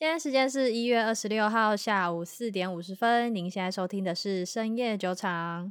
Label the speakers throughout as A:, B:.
A: 今天時間是一月二十六號下午四點五十分。您現在收聽的是《深夜酒場》。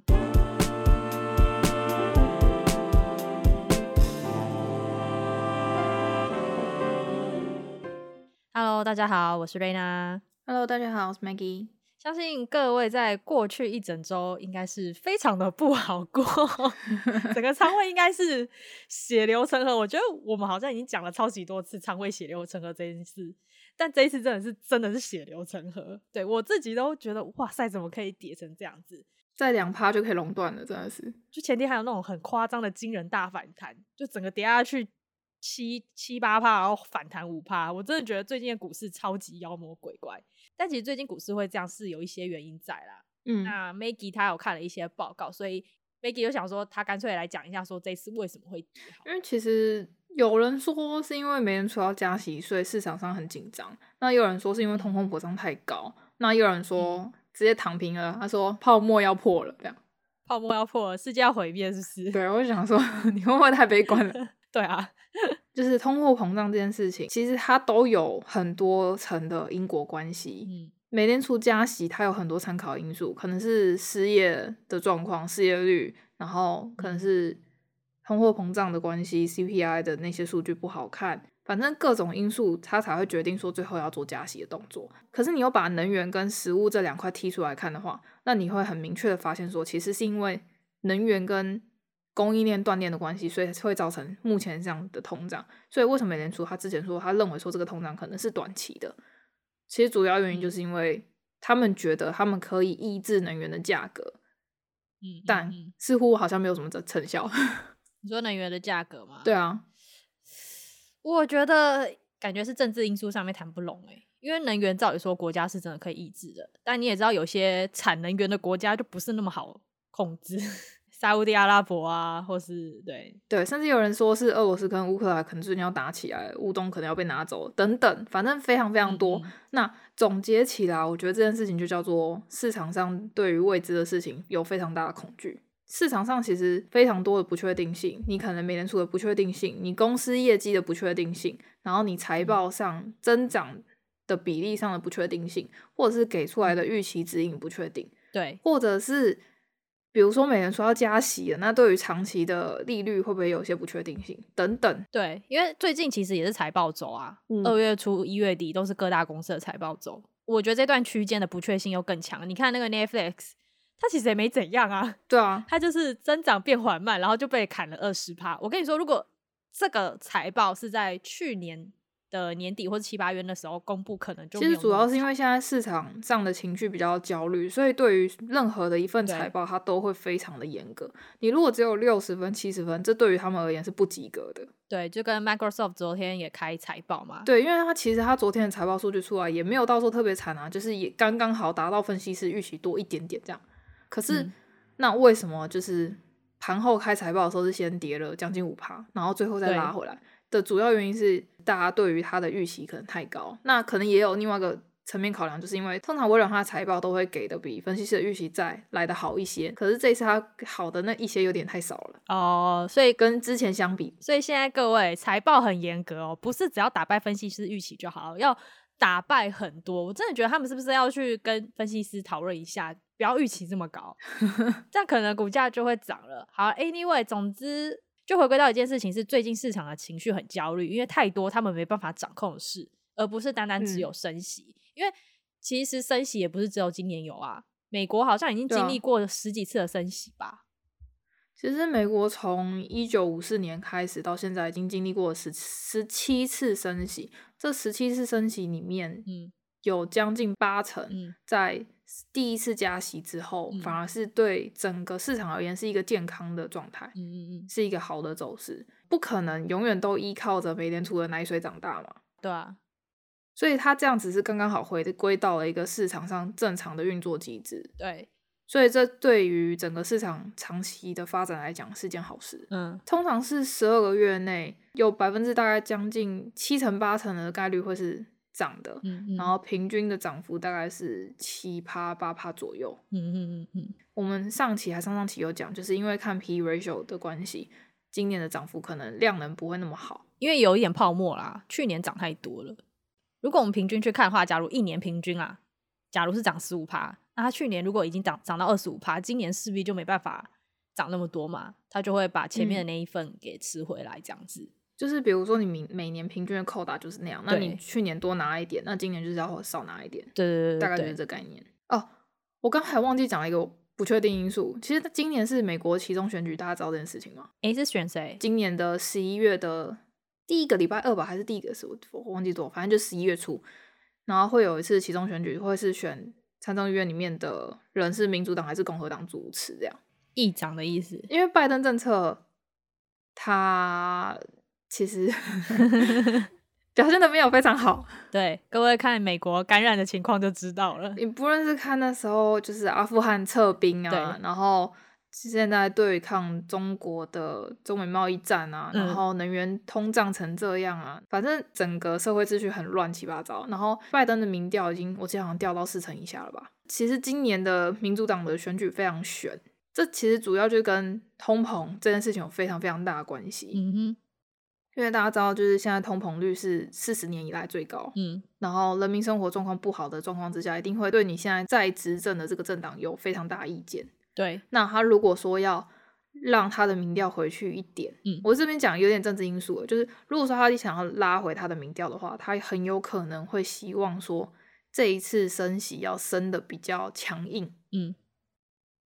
A: Hello，大家好，我是瑞娜。Hello，大家好，我是 Maggie。相信各位在過去一整周應該是非常的不好過， 整個倉位應該是血流成河。 我覺得我們好像已經講了超級多次倉位血流成河這件事。但這一次真的是真的是血流成河，對，我自己都覺得哇塞，怎麼可以跌成這樣子？2 再兩趴就可以壟斷了，真的是。就前天還有那種很誇張的驚人大反彈，就整個跌下去七七八趴，然後反彈五趴，我真的覺得最近的股市超級妖魔鬼怪。但其實最近股市會這樣是有一些原因在啦。嗯，那 Maggie 她有看了一些報告，所以 Maggie 就想說，她乾脆來講一下，說這一次為什麼會跌？
B: 因為其實。有人說是因為美聯儲要加息，所以市場上很緊張。那又有人說是因為通貨膨脹太高。嗯、那又有人說直接躺平了，他說泡沫要破了，這樣
A: 泡沫要破了，世界要毀滅，是不是？對，我想說你會不會太悲觀了？ 對啊，
B: 就是通貨膨脹這件事情，其實它都有很多層的因果關係。嗯、美聯儲加息，它有很多參考因素，可能是失業的狀況、失業率，然後可能是、嗯。通貨膨脹的關係，CPI 的那些數據不好看，反正各種因素，它才會決定說最後要做加息的動作。可是你又把能源跟食物這兩塊踢出來看的話，那你會很明確的發現說，其實是因為能源跟供應鏈斷裂的關係，所以會造成目前這樣的通脹。所以為什麼美聯儲他之前說他認為說這個通脹可能是短期的，其實主要原因就是因為他們覺得他們可以抑制能源的價格，嗯，但似乎好像沒有什麼成效。
A: 你說能源的價格嗎？對啊，我覺得感覺是政治因素上面談不攏哎、欸，因為能源照理說國家是真的可以抑制的，但你也知道有些產能源的國家就不是那麼好控制，沙烏地阿拉伯啊，或是對對，甚至有人說
B: 是俄羅斯跟烏克蘭可能最近要打起來，烏東可能要被拿走等等，反正非常非常多。嗯、那總結起來，我覺得這件事情就叫做市場上對於未知的事情有非常大的恐懼。市場上其實非常多的不確定性，你可能美聯儲的不確定性，你公司業績的不確定性，然後你財報上增長的比例上的不確定性，或者是給出來的預期指引不確定，對，或者是比如說美聯儲要加息了，那對於長期的利率會不會有些不確定
A: 性等等。對，因為最近其實也是財報周啊，嗯、二月初、一月底都是各大公司的財報周。我覺得這段區間的不確定性又更強。你看那個 Netflix。他其實也沒怎樣啊，對啊，他就是增長變緩慢，然後就被砍了二十趴。我跟你說，如果這個財報是在去年的年底或者七八月的時候公布，可能就其實主要
B: 是因為現在市場上的情緒比較焦慮，所以對於任何的一份財報，它都會非常的嚴格。對你如果只有六十分、七十分，這對於他們而言是不及
A: 格的。對，就跟 Microsoft 昨天也開財報嘛，
B: 對，因為他其實他昨天的財報數據出來也沒有到說特別慘啊，就是也剛剛好達到分析師預期多一點點這樣。可是，嗯、那為什麼就是盤後開財報的時候是先跌了將近五趴，然後最後再拉回來的主要原因是大家對於它的預期可能太高。對那可能也有另外一個層面考量，就是因為通常微軟它的財報都會給的比分析師的預期再來的好
A: 一些。可是這一次它好的那一些有點太少了哦，所以跟之前相比，所以現在各位財報很嚴格哦，不是只要打敗分析師預期就好，要打敗很多。我真的覺得他們是不是要去跟分析師討論一下？不要預期這麼高，這樣可能股價就會漲了。好，Anyway，總之就回歸到一件事情，是最近市場的情緒很焦慮，因為太多他們沒辦法掌控的事，而不是單單只有升息。嗯、因為其實升息也不是只有今年有啊，美國好像已經經歷過了十幾次的升息吧。
B: 其實美國從一九五四年開始到現在，已經經歷過十十七次升息。這十七次升息裡面，嗯，有將近八成在、嗯。嗯第一次加息之後，嗯、反而是對整個市場而言是一個健康的狀態，嗯嗯嗯，是一個好的走勢。不可能永遠都依靠着美聯儲的奶水長大嘛。對啊，所以他這樣只是剛剛好回歸到了一個市場上正常的運作機制。對，所以這對於整個市場長期的發展來講是件好事。嗯，通常是十二個月內有百分之大概將近七成八成的概率會是。漲的，嗯，嗯，然後平均的漲幅大概是七趴、八趴左右。嗯嗯嗯嗯，我們上期還上上期有講，就是因為看 P/E ratio 的關係，今年的漲幅可能量
A: 能不會那麼好，因為有一點泡沫啦。去年漲太多了。如果我們平均去看的話，假如一年平均啊，假如是漲十五趴，那它去年如果已經漲漲到二十五趴，今年勢必就沒辦法漲那麼多嘛，它就會把前面的那一份給吃回來，
B: 這樣子。嗯就是比如說你每每年平均的扣打就是那樣，那你去年多拿一點，對那今年就是要少拿一點，對，對，對大概就是這概念。對對對哦，我剛還忘記講了一個不確定因素，其實今年是美國期中選舉，大家知道這件事情嗎？哎、欸，是選誰？今年的十一月的第一個禮拜二吧，還是第一個是我忘記做反正就十一月初，然後會有一次期中選舉，會是選參眾議院裡面的人是民主黨還是共和黨主持這樣？議長的意思？因為拜登政策，他。其實 表現的沒有非常好，對各位看
A: 美國感染的情況就知道了。
B: 你不論是看那時候就是阿富汗撤兵啊，對然後現在對抗中國的中美貿易戰啊，嗯、然後能源通脹成這樣啊，反正整個社會秩序很亂七八糟。然後拜登的民調已經，我記得好像調到四成以下了吧。其實今年的民主黨的選舉非常懸，這其實主要就跟通膨這件事情有非常非常大的關係。嗯哼。因為大家知道，就是現在通膨率是四十年以來最高，嗯，然後人民生活狀況不好的狀況之下，一定會對你現在在執政的這個政黨有非常大的意見。對，那他如果說要讓他的民調回去一點，嗯，我這邊講有點政治因素了，就是如果說他想要拉回他的民調的話，他很有可能會希望說這一次升息要升得比較強硬，嗯，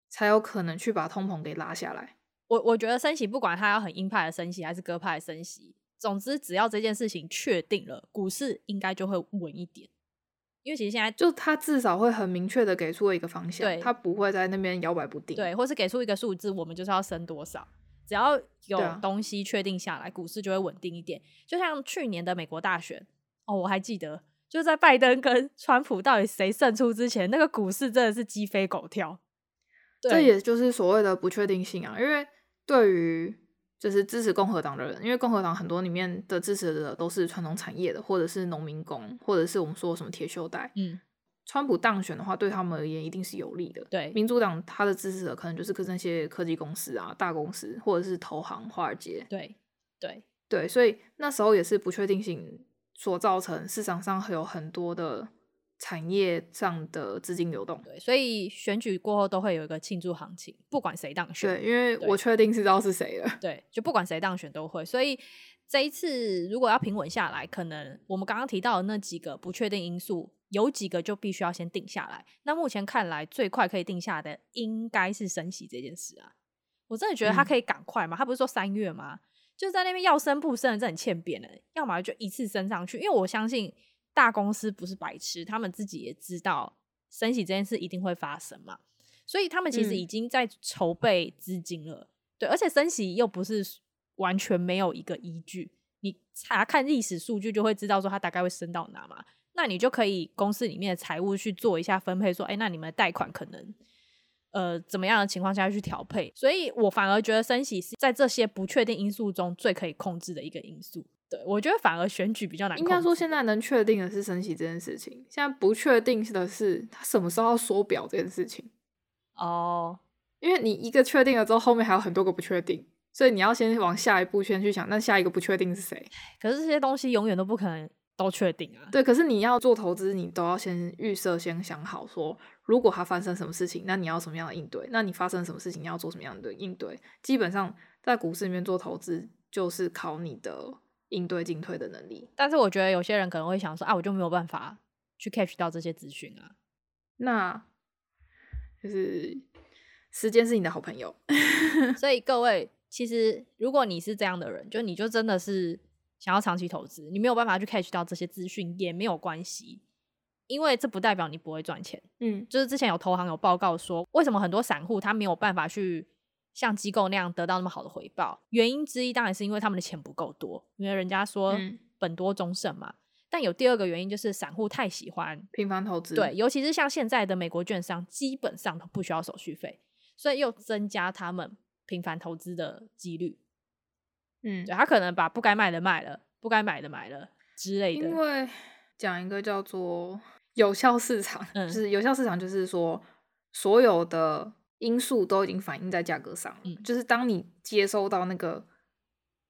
B: 才有可能去把通膨給拉下來。
A: 我我覺得升息，不管他要很鷹派的升息還是鴿派的升息，總之，只要這件事情確定了，股市應該就會穩一點。因為其實現在就他至少會很明確的給出一個方向，對，他不會在那邊搖擺不定，對，或是給出一個數字，我們就是要升多少。只要有東西確定下來，啊，股市就會穩定一點。就像去年的美國大選，哦，我還記得，就在拜登跟川普到底誰勝出之前，那個股市真的是雞飛狗跳。對，這也
B: 就是所謂的不確定性啊，因為對於。就是支持共和黨的人，因為共和黨很多裡面的支持者都是傳統產業的，或者是農民工，或者是我們說什麼鐵鏽帶。嗯，川普當選的話，對他們而言一定是有利的。對，民主黨他的支持者可能就是跟那些科技公司啊、大公司，或者是投行、華爾街。對，對，對，所以那時候也是不確定性所造成，市場上還有很多的。
A: 產業上的資金流動，對，所以選舉過後都會有一個慶祝行情，不管誰當選。對，因為我確定是知道是誰了對。對，就不管誰當選都會，所以這一次如果要平穩下來，可能我們剛剛提到的那幾個不確定因素，有幾個就必須要先定下來。那目前看來，最快可以定下的應該是升息這件事啊！我真的覺得他可以趕快嘛，他，嗯、不是說三月嗎？就在那邊要升不升的，這很欠扁的、欸。要麼就一次升上去，因為我相信。大公司不是白痴，他們自己也知道升息這件事一定會發生嘛，所以他們其實已經在籌備資金了。嗯、對，而且升息又不是完全沒有一個依據，你查看歷史數據就會知道說它大概會升到哪嘛，那你就可以公司裡面的財務去做一下分配說，說、欸、哎，那你們的貸款可能呃怎麼樣的情況下去調配。所以我反而覺得升息是在這些不確定因素中最可以控制的一個因素。對，我覺得反而選舉比較難。應該說，現
B: 在能確定的是升息這件事情。現在不確定的是，他什麼時候要縮表這件事情。哦，oh. 因為你一個確定了之後，後面還有很多個不確定，所以你要先往下一步先去想，那下一個不確定是誰？可是這些東西永遠都不可能都確定啊。對，可是你要做投資，你都要先預設，先想好說，如果它發生什麼事情，那你要什麼樣的應對？那你發生什麼事情，你要做什麼樣的應對？基本上，在股市裡面做投資，就是靠你的。應對進退的能力，
A: 但是我覺得有些人可能會想說啊，我就沒有辦法去 catch 到這些資訊啊，那就是時間是你的好朋友， 所以各位，其實如果你是這樣的人，就你就真的是想要長期投資，你沒有辦法去 catch 到這些資訊也沒有關係，因為這不代表你不會賺錢，嗯，就是之前有投行有報告說，為什麼很多散戶他沒有辦法去。像機構那樣得到那麼好的回報，原因之一當然是因為他們的錢不夠多，因為人家說“本多終勝”嘛。嗯，但有第二個原因就是散戶太喜歡頻繁投資，對，尤其是像現在的美國券商，基本上都不需要手續費，所以又增加他們頻繁投資的幾率。嗯，對，他可能把不該賣的賣了，不該買的買了之類的。因為講一個叫做有效市場，嗯，是
B: 有效市場，就是說所有的。因素都已經反映在價格上了，嗯，就是當你接收到那個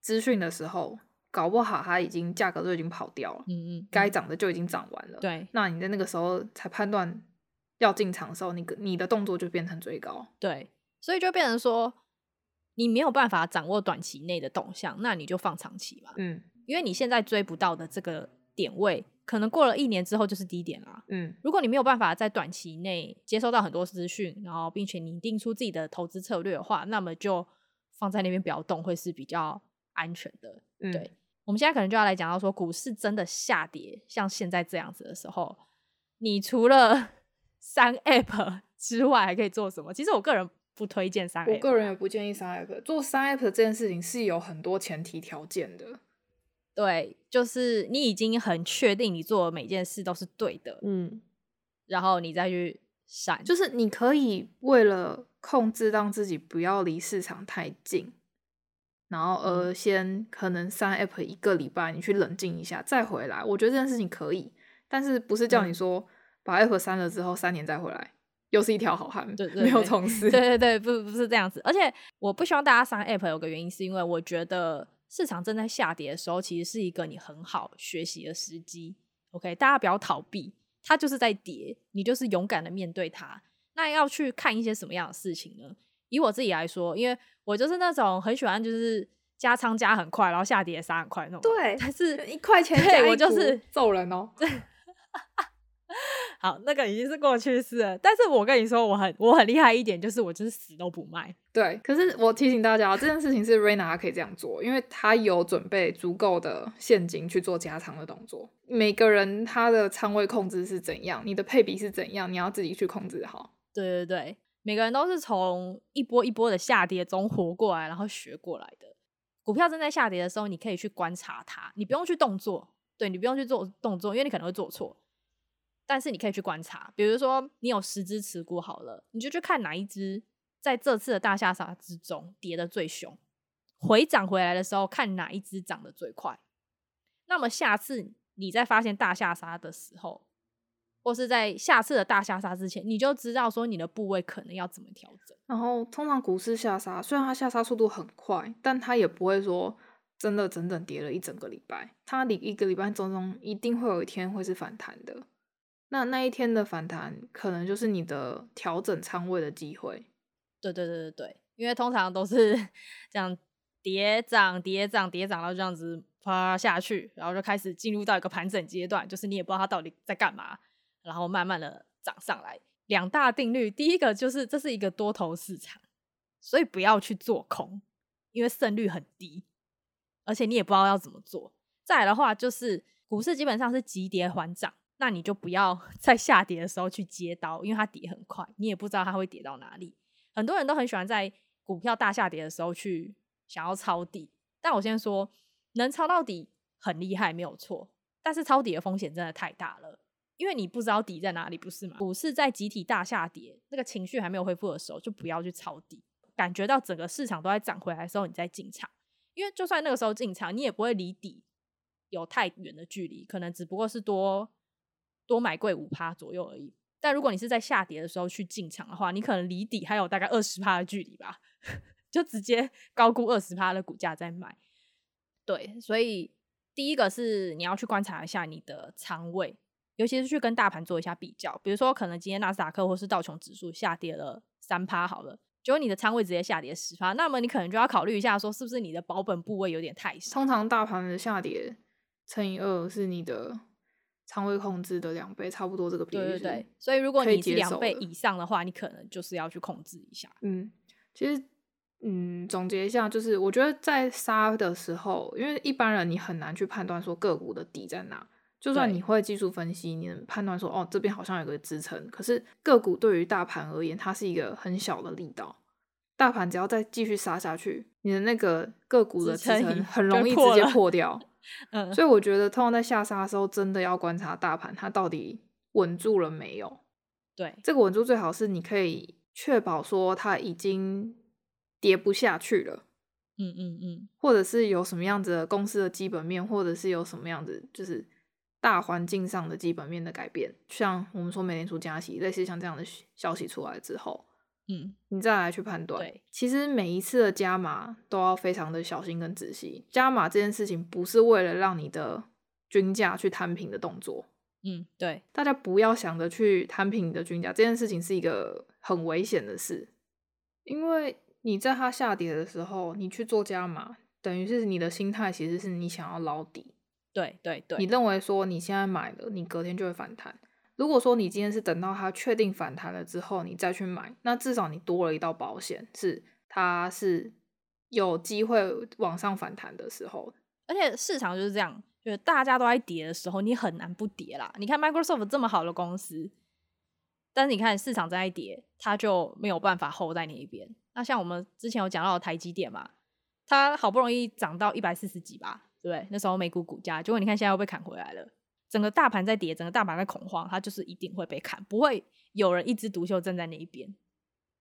B: 資訊的時候，搞不好它已經價格都已經跑掉了，嗯嗯，該漲的就已經漲完了，嗯，對，那你在那個時候才判斷要進場的時候，你個你的動作就變成追高，對，
A: 所以就變成說你沒有辦法掌握短期內的動向，那你就放長期吧。嗯，因為你現在追不到的這個點位，可能過了一年之後就是低點啦。嗯，如果你沒有辦法在短期內接收到很多資訊，然後並且擬定出自己的投資策略的話，那麼就放在那邊不要動，會是比較安全的。嗯、對，我們現在可能就要來講到說，股市真的下跌，像現在這樣子的時候，你除了三 app 之外，還可以做什麼？其實我個人不推薦三 app，我個人也不建議三 app、嗯、做三 app 這件事情是有很多前提條件的。對，就是你已經很確定你做的每件事都是對的，嗯，然後你再去刪，就是
B: 你可以為了控制讓自己不要離市場太近，然後呃，先可能刪 App 一個禮拜，你去冷靜一下，再回來。我覺得這件事情可以，但是不是叫你
A: 說把 App 刪了之後三年再回來，又是一條好漢，對對對對，沒有同事，對對對，不是不是這樣子。而且我不希望大家刪 App，有個原因是因為我覺得。市場正在下跌的時候，其實是一個你很好學習的時機。OK，大家不要逃避，它就是在跌，你就是勇敢的面對它。那要去看一些什麼樣的事情呢？以我自己來說，因為我就是那種很喜歡，就是加倉加很快，然後下跌也殺很快那種。
B: 對，但是一塊錢加一股，對，我就是
A: 揍人哦。 好，那個已經是過去式了。但是我跟你說我，我很我很厲害一點，就是我真是死都不賣。
B: 對，可是我提醒大家， 這件事情是 Raina 她可以這樣做，因為她有準備足夠的現金去做加倉的動作。每個人他的倉位控制是
A: 怎樣，你的配比是怎樣，你要自己去控制好。對對對，每個人都是從一波一波的下跌中活過來，然後學過來的。股票正在下跌的時候，你可以去觀察它，你不用去動作，對，你不用去做動作，因為你可能會做錯。但是你可以去觀察，比如說你有十隻持股好了，你就去看哪一隻在這次的大下殺之中跌得最兇，回漲回來的時候看哪一隻漲得最快。那麼下次你在發現大下殺的時候，或是在下次的大下殺之前，你就知道說你的部位可能要怎麼調整。然
B: 後通常股市下殺，雖然它下殺速度很快，但它也不會說真的整整跌了一整個禮拜，它裡一個禮拜當中中一定會有一天會是反彈的。那那一天的反彈，可能就是你的調整倉位的機會。
A: 對對對對對，因為通常都是這樣跌漲、跌漲、跌漲，然後這樣子啪下去，然後就開始進入到一個盤整階段，就是你也不知道它到底在幹嘛，然後慢慢的漲上來。兩大定律，第一個就是這是一個多頭市場，所以不要去做空，因為勝率很低，而且你也不知道要怎麼做。再來的話就是股市基本上是急跌緩漲。那你就不要在下跌的時候去接刀，因為它跌很快，你也不知道它會跌到哪裡。很多人都很喜歡在股票大下跌的時候去想要抄底，但我先說能抄到底很厲害，沒有錯。但是抄底的風險真的太大了，因為你不知道底在哪裡，不是嗎？股市在集體大下跌、那個情緒還沒有恢復的時候，就不要去抄底。感覺到整個市場都在漲回來的時候，你再進場，因為就算那個時候進場，你也不會離底有太遠的距離，可能只不過是多。多買貴五趴左右而已，但如果你是在下跌的時候去進場的話，你可能離底還有大概二十趴的距離吧， 就直接高估二十趴的股價再買。對，所以第一個是你要去觀察一下你的倉位，尤其是去跟大盤做一下比較。比如說，可能今天納斯達克或是道瓊指數下跌了三趴，好了，結果你的倉位直接下跌十趴，那麼你可能就要考慮一下，說是不是你的保本部位有點太小……通常大盤的下跌乘以二是你的。倉位控制的兩倍，差
B: 不多這個比例。對對對，所以如果你是兩倍
A: 以上的話，你可能就是要去控制一下。嗯，其
B: 實，嗯，總結一下，就是我覺得在殺的時候，因為一般人你很難去判斷說個股的底在哪。對就算你會技術分析，你能判斷說，哦，這邊好像有個支撐，可是個股對於大盤而言，它是一個很小的力道。大盤只要再繼續殺下去，你的那個個股的支撐很容易直接破掉。嗯， 所以我覺得，通常在下殺的時候，真的要觀察大盤它到底穩住了沒有。對，這個穩住最好是你可以確保說它已經跌不下去了。嗯嗯嗯，或者是有什麼樣子的公司的基本面，或者是有什麼樣子就是大環境上的基本面的改變，像我們說美聯儲加息，類似像這樣的消息出來之後。嗯，你再來去判斷。對，其實每一次的加碼都要非常的小心跟仔細。加碼這件事情不是為了讓你的均價去攤平的動作。嗯，對。大家不要想着去攤平你的均價，這件事情是一個很危險的事。因為你在它下跌的時候，你去做加碼，等於是你的心態其實是你想要撈底。
A: 對對對，你認
B: 為說你現在買了，你隔天就會反彈。如果說你今天是等到它確定反彈了之後，你再去買，那至少你多了一道保險，
A: 是它是有機會往上反彈的時候。而且市場就是這樣，就是大家都在跌的時候，你很難不跌啦。你看 Microsoft 這麼好的公司，但是你看市場在跌，它就沒有辦法 hold 在你一邊。那像我們之前有講到的台積電嘛，它好不容易漲到一百四十幾吧，對不對？那時候美股股價，結果你看現在又被砍回來了。整個大盤在跌，整個大盤在恐慌，它就是一定會被砍，不會有人一枝獨秀站在那一邊，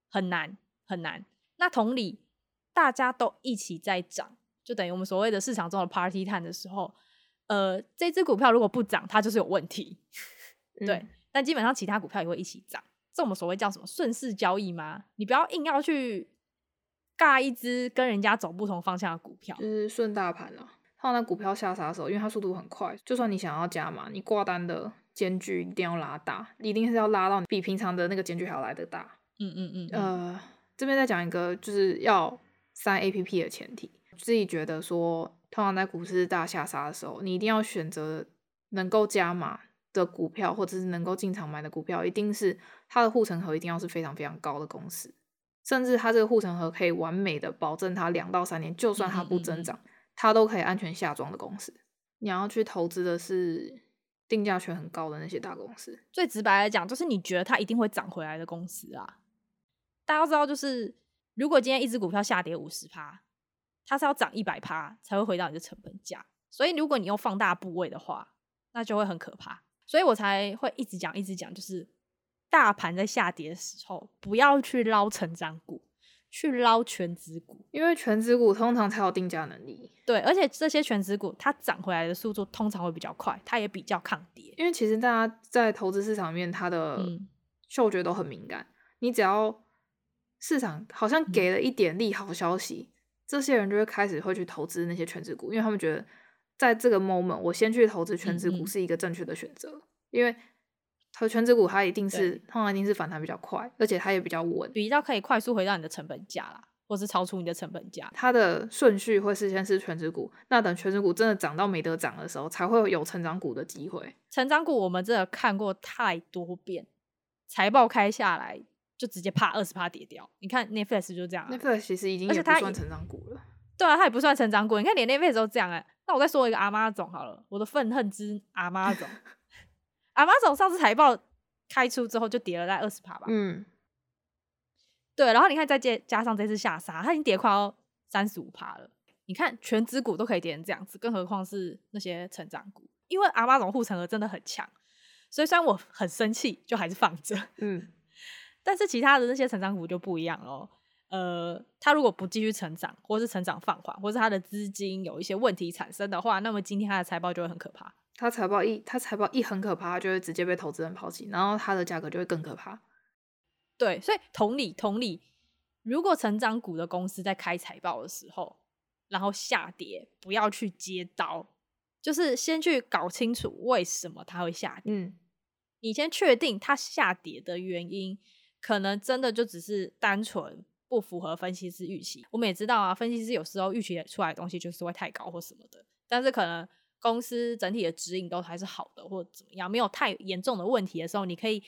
A: 很難，很難。那同理，大家都一起在漲，就等於我們所謂的市場中的 party time 的時候，呃，這支股票如果不漲，它就是有問題。嗯、對，但基本上其他股票也會一起漲，這我們所謂叫什麼順勢交易嗎？你不要硬要去尬一隻跟人家走不同方向的股票，就是順大盤了、啊。通
B: 常在股票下殺的時候，因為它速度很快，就算你想要加碼，你掛單的間距一定要拉大，一定是要拉到你比平常的那個間距還要來得大。嗯嗯嗯。嗯嗯，呃，這邊再講一個，就是要刪 APP 的前提，自己覺得說，通常在股市大下殺的時候，你一定要選擇能夠加碼的股票，或者是能夠進場買的股票，一定是它的護城河一定要是非常非常高的公司，甚至它這個護城河可以完美的保證它兩到三年，就算它不增長。嗯嗯嗯它都可以安全下莊的公司，你要去投資的是定價權很高的那些大公司。
A: 最直白來講，就是你覺得它一定會漲回來的公司啊。大家都知道，就是如果今天一隻股票下跌五十趴，它是要漲一百趴才會回到你的成本價。所以如果你用放大部位的話，那就會很可怕。所以我才會一直講，一直講，就是大盤在下跌的時候，不要去撈成長股。去撈權值股，因為權值股通常才有定價能力。對，而且這些權值股它漲回來的速度通常會比較快，它也比較抗跌。因為其實大家在投資
B: 市場裡面，它的嗅覺都很敏感。嗯、你只要市場好像給了一點利好消息，嗯、這些人就會開始會去投資那些權值股，因為他們覺得在這個 moment 我先去投資權值股是一個正確的選擇，嗯嗯，因為。它權值股，它一定是對它一定是反彈比較快，而且它也比較穩，比較可以快速回到你的成本價啦，或是超出你的成本價。它的順序會事先，是權值股，那等權值股真的漲到沒得漲的時候，才會有成長股的機會。成
A: 長股我們真的看過太多遍，財報開下來就直接啪二十趴跌掉。你看 Netflix 就這樣、啊、Netflix 其實已經不算成長股了。對啊，它也不算成長股。你看連 Netflix 都這樣哎、欸，那我再說一個阿媽種好了，我的憤恨之阿媽種。 阿馬總上次財報開出之後就跌了在二十趴吧，嗯，對，然後你看再接加上這次下沙，它已經跌快哦三十五趴了。你看全指股都可以跌成這樣子，更何況是那些成長股？因為阿馬總護城河真的很強，所以雖然我很生氣，就還是放着。 嗯，但是其他的那些成長股就不一樣咯。呃，它如果不繼續成長，或是成長放緩，或是它的資金有一些問題產生的話，那麼今天它的財報就會很可怕。
B: 他財報一，他財報一很可怕，就會直接被投資人拋棄，然後它的價格就會更可怕。
A: 對，所以同理，同理，如果成長股的公司在開財報的時候，然後下跌，不要去接刀，就是先去搞清楚為什麼它會下跌。嗯，你先確定它下跌的原因，可能真的就只是單純不符合分析師預期。我們也知道啊，分析師有時候預期出來的東西就是會太高或什麼的，但是可能。公司整體的指引都還是好的，或者怎麼樣，沒有太嚴重的問題的時候，你可以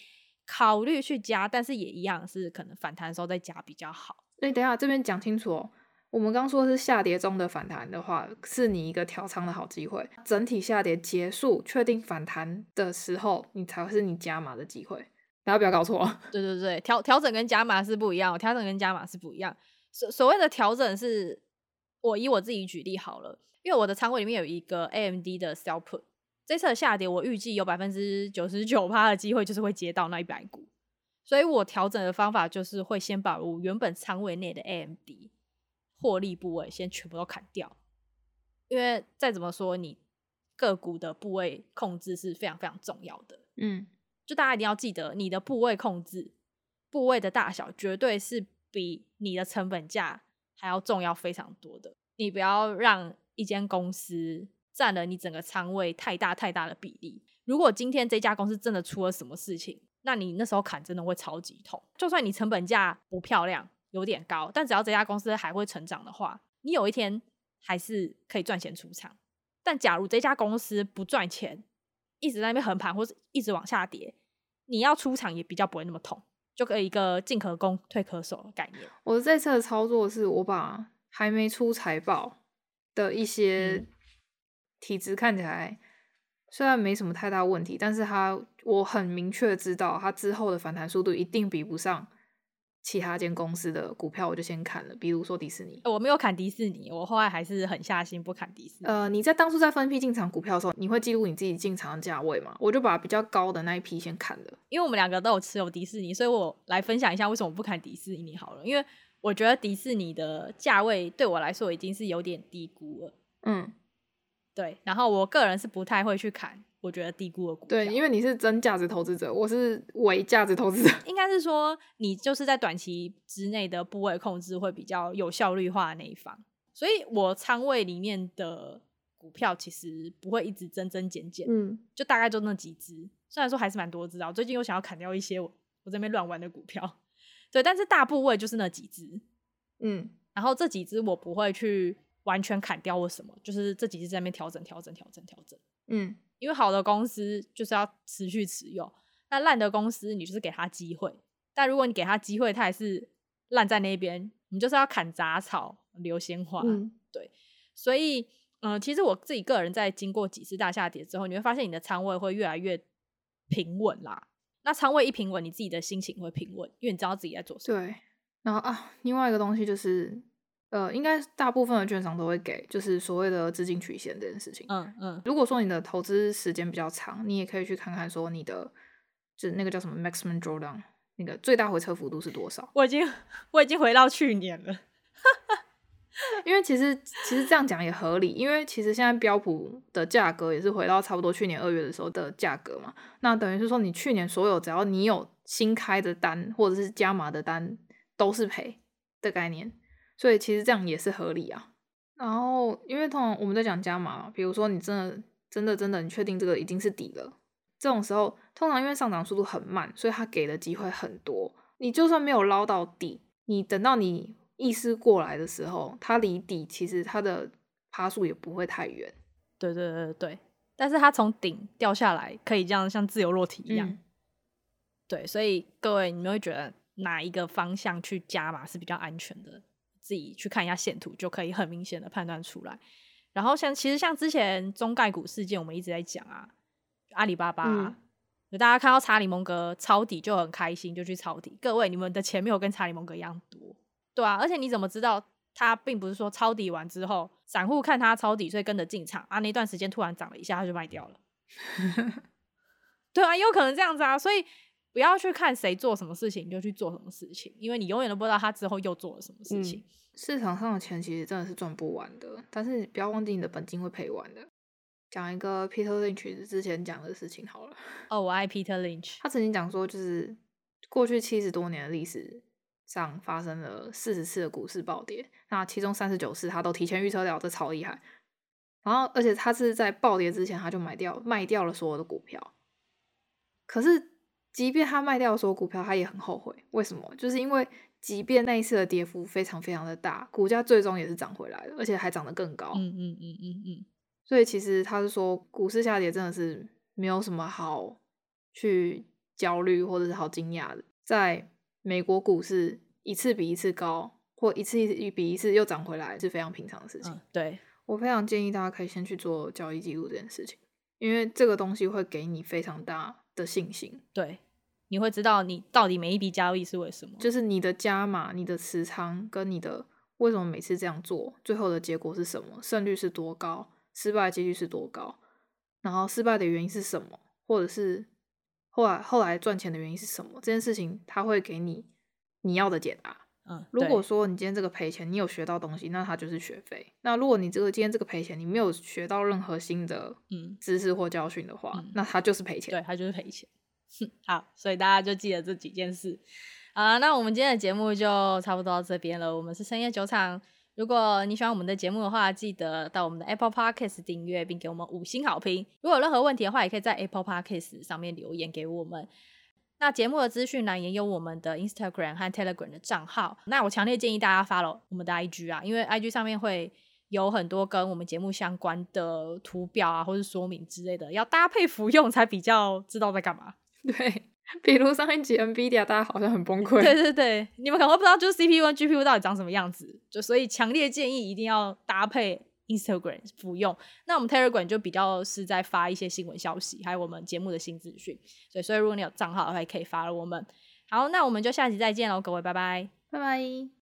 A: 考慮去加，但是也一樣是可能反彈的時候再加比較好。
B: 哎，等一下，這邊講清楚哦，我們剛，剛說是下跌中的反彈的話，是你一個調倉的好機會。整體下跌結束，確定反彈的時候，你才會是你加碼的機會。大家不要搞錯。
A: 對對對，調調整跟加碼是不一樣，調整跟加碼是不一樣。所所謂的調整是，我以我自己舉例好了。因為我的倉位裡面有一個 AMD 的 Sell Put，這次的下跌我預計有百分之九十九趴的機會就是會接到那一百股，所以我調整的方法就是會先把我原本倉位內的 AMD 獲利部位先全部都砍掉，因為再怎麼說你個股的部位控制是非常非常重要的，嗯，就大家一定要記得你的部位控制，部位的大小絕對是比你的成本價還要重要非常多的，你不要讓。一間公司佔了你整個倉位太大太大的比例，如果今天這家公司真的出了什麼事情，那你那時候砍真的會超級痛。就算你成本價不漂亮，有點高，但只要這家公司還會成長的話，你有一天還是可以賺錢出場。但假如這家公司不賺錢，一直在那邊橫盤或者一直往下跌，你要出場也比較不會那麼痛，就可以一個進可攻退可守的概念。我這
B: 次的操作是我把還沒出財報，的一些體質看起來雖然沒什麼太大問題，但是它我很明確知道它之後的反彈速度一定比不上其他間公司的股票，我就先砍了。比如說迪士尼。
A: 嗯，我沒有砍迪士尼，我後來還是狠下心不砍迪士尼。呃，
B: 你在當初在分批進場股票的時候，你會記錄你自己進場的價位嗎？我就把比較高的那一批先砍
A: 了，因為我們兩個都有持有迪士尼，所以我來分享一下為什麼不砍迪士尼好了，因為。我覺得迪士尼的價位對我來說已經是有點低估了。嗯，對。然後我個人是不太會去砍我覺得低估的股票。對，因為你是真價值投資者，我是偽價值投資者。應該是說你就是在短期之內的部位控制會比較有效率化的那一方。所以我倉位裡面的股票其實不會一直增增減減，嗯，就大概就那幾隻。雖然說還是蠻多隻啊、哦，最近又想要砍掉一些我我這邊亂玩的股票。對，但是大部位就是那幾隻，嗯，然後這幾隻我不會去完全砍掉或什麼，就是這幾隻在那邊調整、調整、調整、調整，嗯，因為好的公司就是要持續持有，那爛的公司你就是給他機會，但如果你給他機會，他還是爛在那邊，你就是要砍雜草留鮮花，化，嗯，對，所以，嗯，呃，其實我自己個人在經過幾次大下跌之後，你會發現你的倉位會越來越平穩啦。嗯那倉位一平穩，你自己的心情會平穩，因為你知道自己在做什麼。對，
B: 然後啊，另外一個東西就是，呃，應該大部分的券商都會給，就是所謂的資金曲線這件事情。嗯嗯，嗯，如果說你的投資時間比較長，你也可以去看看說你的，就那個叫什麼 maximum drawdown，那個最大回撤幅度是多少？
A: 我已經我已經回到去年了。
B: 因為其實其實這樣講也合理，因為其實現在標普的價格也是回到差不多去年二月的時候的價格嘛。那等於是說，你去年所有只要你有新開的單或者是加碼的單都是賠的概念，所以其實這樣也是合理啊。然後因為通常我們在講加碼嘛，比如說你真的真的真的你確定這個已經是底了，這種時候通常因為上漲速度很慢，所以它給的機會很多。你就算沒有撈到底，你等到你。意思過來的時候，它離底其實它的趴數也不會太遠。
A: 對對對對。但是它從頂掉下來，可以這樣像自由落體一樣。嗯、對，所以各位你們會覺得哪一個方向去加碼是比較安全的？自己去看一下線圖就可以很明顯的判斷出來。然後像其實像之前中概股事件，我們一直在講啊，阿里巴巴，嗯、大家看到查理蒙格抄底就很開心，就去抄底。各位你們的錢沒有跟查理蒙格一樣多。對啊，而且你怎麼知道他並不是說抄底完之後，散戶看他抄底，所以跟着進場啊？那段時間突然漲了一下，他就賣掉了。 對啊，有可能這樣子啊，所以不要去看誰做什麼事情，你就去做什麼事情，因為你永遠都不知道他之後又做了什
B: 麼事情。嗯，市場上的錢其實真的是賺不完的，但是你不要忘記你的本金會賠完的。講一個 Peter Lynch 之前講的事情好了。哦，oh, 我愛 Peter Lynch，他曾經講說，就是過去七十多年的歷史。上發生了四十次的股市暴跌，那其中三十九次他都提前預測了，這超厲害。然後，而且他是在暴跌之前他就買掉、賣掉了所有的股票。可是，即便他賣掉所有股票，他也很後悔。為什麼？就是因為即便那一次的跌幅非常非常的大，股價最終也是漲回來的，而且還漲得更高。嗯嗯嗯嗯嗯。嗯嗯嗯嗯，所以，其實他是說，股市下跌真的是沒有什麼好去焦慮或者是好驚訝的，在。美國股市一次比一次高，或一次一次比一次又漲回來是非常平常的事情。嗯、對。我非常建議，大家可以先去做交易記錄這件事情，因為這個東西會給你非常大的信心。對，你會知道你到底每一筆交易是為什麼，就是你的加碼、你的持倉跟你的為什麼每次這樣做，最後的結果是什麼，勝率是多高，失敗幾率是多高，然後失敗的原因是什麼，或者是。後來，後來賺錢的原因是什麼？這件事情他會給你你要的解答。嗯，如果說你今天這個賠錢，你有學到東西，那它就是學費；那如果你這個今天這個賠錢，你沒有學到任
A: 何新的知識或教訓的話，嗯、那它就是賠錢、嗯嗯。對，它就是賠錢哼。好，所以大家就記得這幾件事。啊、uh，那我們今天的節目就差不多到這邊了。我們是深夜酒場。如果你喜歡我們的節目的話，記得到我們的 Apple Podcast 訂閱，並給我們五星好評。如果有任何問題的話，也可以在 Apple Podcast 上面留言給我們。那節目的資訊欄也有我們的 Instagram 和 Telegram 的賬號。那我強烈建議大家 follow 我們的 IG 啊，因為 IG 上面會有很多跟我們節目相關的圖表啊，或者說明之類的，要搭配服用才比較知道在幹嘛。對。比如上一集 NVIDIA 大家好像很崩潰，對對對，你們可能不知道就是 CPU 跟 GPU 到底長什麼樣子，就所以強烈建議一定要搭配 Instagram 服用。那我們 Telegram 就比較是在發一些新聞消息，還有我們節目的新資訊。所以，所以如果你有賬號的話，可以 follow 我們。好，那我們就下期再見嘍，各位，拜拜，拜拜。